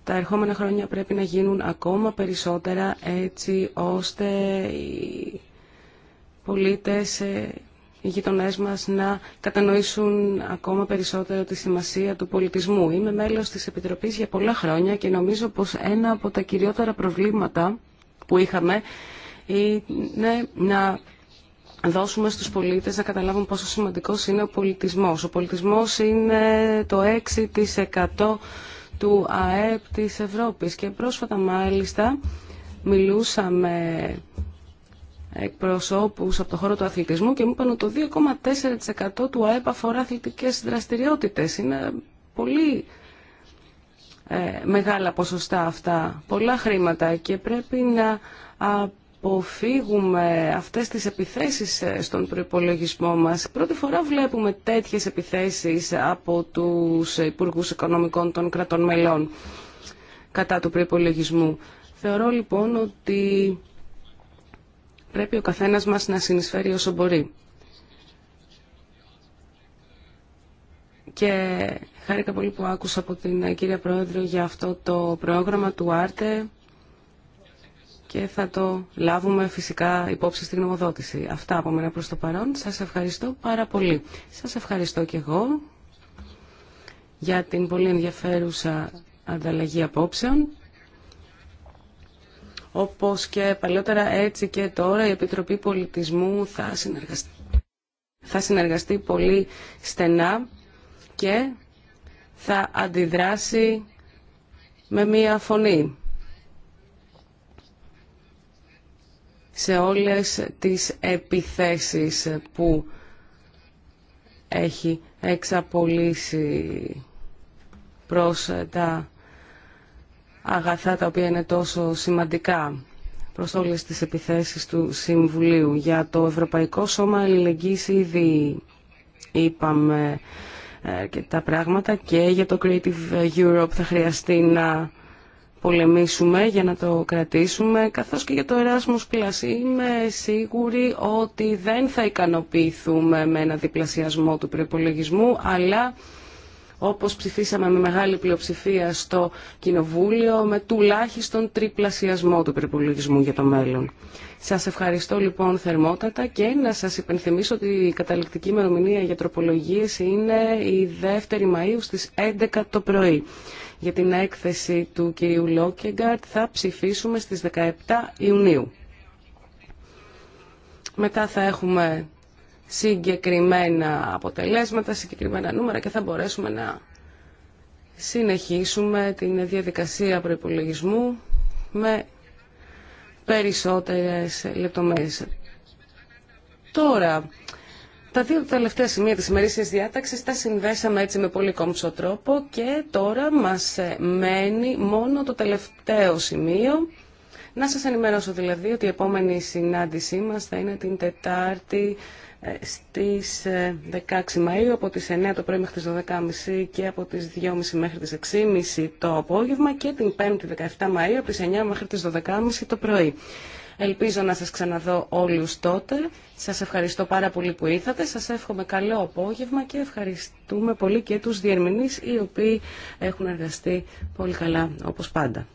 τα ερχόμενα χρόνια πρέπει να γίνουν ακόμα περισσότερα έτσι ώστε οι πολίτες, ε, οι γειτονές μας να κατανοήσουν ακόμα περισσότερο τη σημασία του πολιτισμού. Είμαι μέλος της Επιτροπής για πολλά χρόνια και νομίζω πως ένα από τα κυριότερα προβλήματα που είχαμε είναι να δώσουμε στους πολίτες να καταλάβουν πόσο σημαντικός είναι ο πολιτισμός. Ο πολιτισμός είναι το 6% του ΑΕΠ της Ευρώπης και πρόσφατα μάλιστα μιλούσαμε εκπροσώπους από το χώρο του αθλητισμού και μου είπαν ότι το 2,4% του ΑΕΠ αφορά αθλητικές δραστηριότητες. Είναι πολύ ε, μεγάλα ποσοστά αυτά, πολλά χρήματα και πρέπει να αποφύγουμε αυτές τις επιθέσεις ε, στον προϋπολογισμό μας. Πρώτη φορά βλέπουμε τέτοιες επιθέσεις από τους Υπουργούς Οικονομικών των κρατών μελών κατά του προϋπολογισμού. Θεωρώ λοιπόν ότι πρέπει ο καθένας μας να συνεισφέρει όσο μπορεί. Και χάρηκα πολύ που άκουσα από την κυρία Πρόεδρο για αυτό το πρόγραμμα του Άρτε και θα το λάβουμε φυσικά υπόψη στην γνωμοδότηση. Αυτά από μένα προς το παρόν. Σας ευχαριστώ πάρα πολύ. Σας ευχαριστώ και εγώ για την πολύ ενδιαφέρουσα ανταλλαγή απόψεων. Όπως και παλιότερα, έτσι και τώρα η Επιτροπή Πολιτισμού θα συνεργαστεί, θα συνεργαστεί πολύ στενά και θα αντιδράσει με μία φωνή. σε όλες τις επιθέσεις που έχει εξαπολύσει προς τα αγαθά τα οποία είναι τόσο σημαντικά προς όλες τις επιθέσεις του Συμβουλίου. Για το Ευρωπαϊκό Σώμα Αλληλεγγύης ήδη είπαμε ε, και τα πράγματα και για το Creative Europe θα χρειαστεί να πολεμήσουμε για να το κρατήσουμε, καθώς και για το εράσμος Plus. Είμαι σίγουρη ότι δεν θα ικανοποιηθούμε με ένα διπλασιασμό του προπολογισμού, αλλά όπως ψηφίσαμε με μεγάλη πλειοψηφία στο Κοινοβούλιο, με τουλάχιστον τριπλασιασμό του περιπολογισμού για το μέλλον. Σας ευχαριστώ λοιπόν θερμότατα και να σας υπενθυμίσω ότι η καταληκτική ημερομηνία για τροπολογίες είναι η 2η Μαΐου στις 11 το πρωί. Για την έκθεση του κυρίου Λόκεγκαρτ θα ψηφίσουμε στις 17 Ιουνίου. Μετά θα έχουμε συγκεκριμένα αποτελέσματα, συγκεκριμένα νούμερα και θα μπορέσουμε να συνεχίσουμε την διαδικασία προϋπολογισμού με περισσότερες λεπτομέρειες. Τώρα, τα δύο τελευταία σημεία της ημερήσιας διάταξης τα συνδέσαμε έτσι με πολύ κόμψο τρόπο και τώρα μας μένει μόνο το τελευταίο σημείο. Να σας ενημερώσω δηλαδή ότι η επόμενη συνάντησή μας θα είναι την Τετάρτη ε, στις 16 ε, Μαΐου από τις 9 το πρωί μέχρι τις 12.30 και από τις 2.30 μέχρι τις 6.30 το απόγευμα και την 5η 17 Μαΐου από τις 9 μέχρι τις 12.30 το πρωί. Ελπίζω να σας ξαναδώ όλους τότε. Σας ευχαριστώ πάρα πολύ που ήρθατε. Σας εύχομαι καλό απόγευμα και ευχαριστούμε πολύ και τους διερμηνείς οι οποίοι έχουν εργαστεί πολύ καλά όπως πάντα.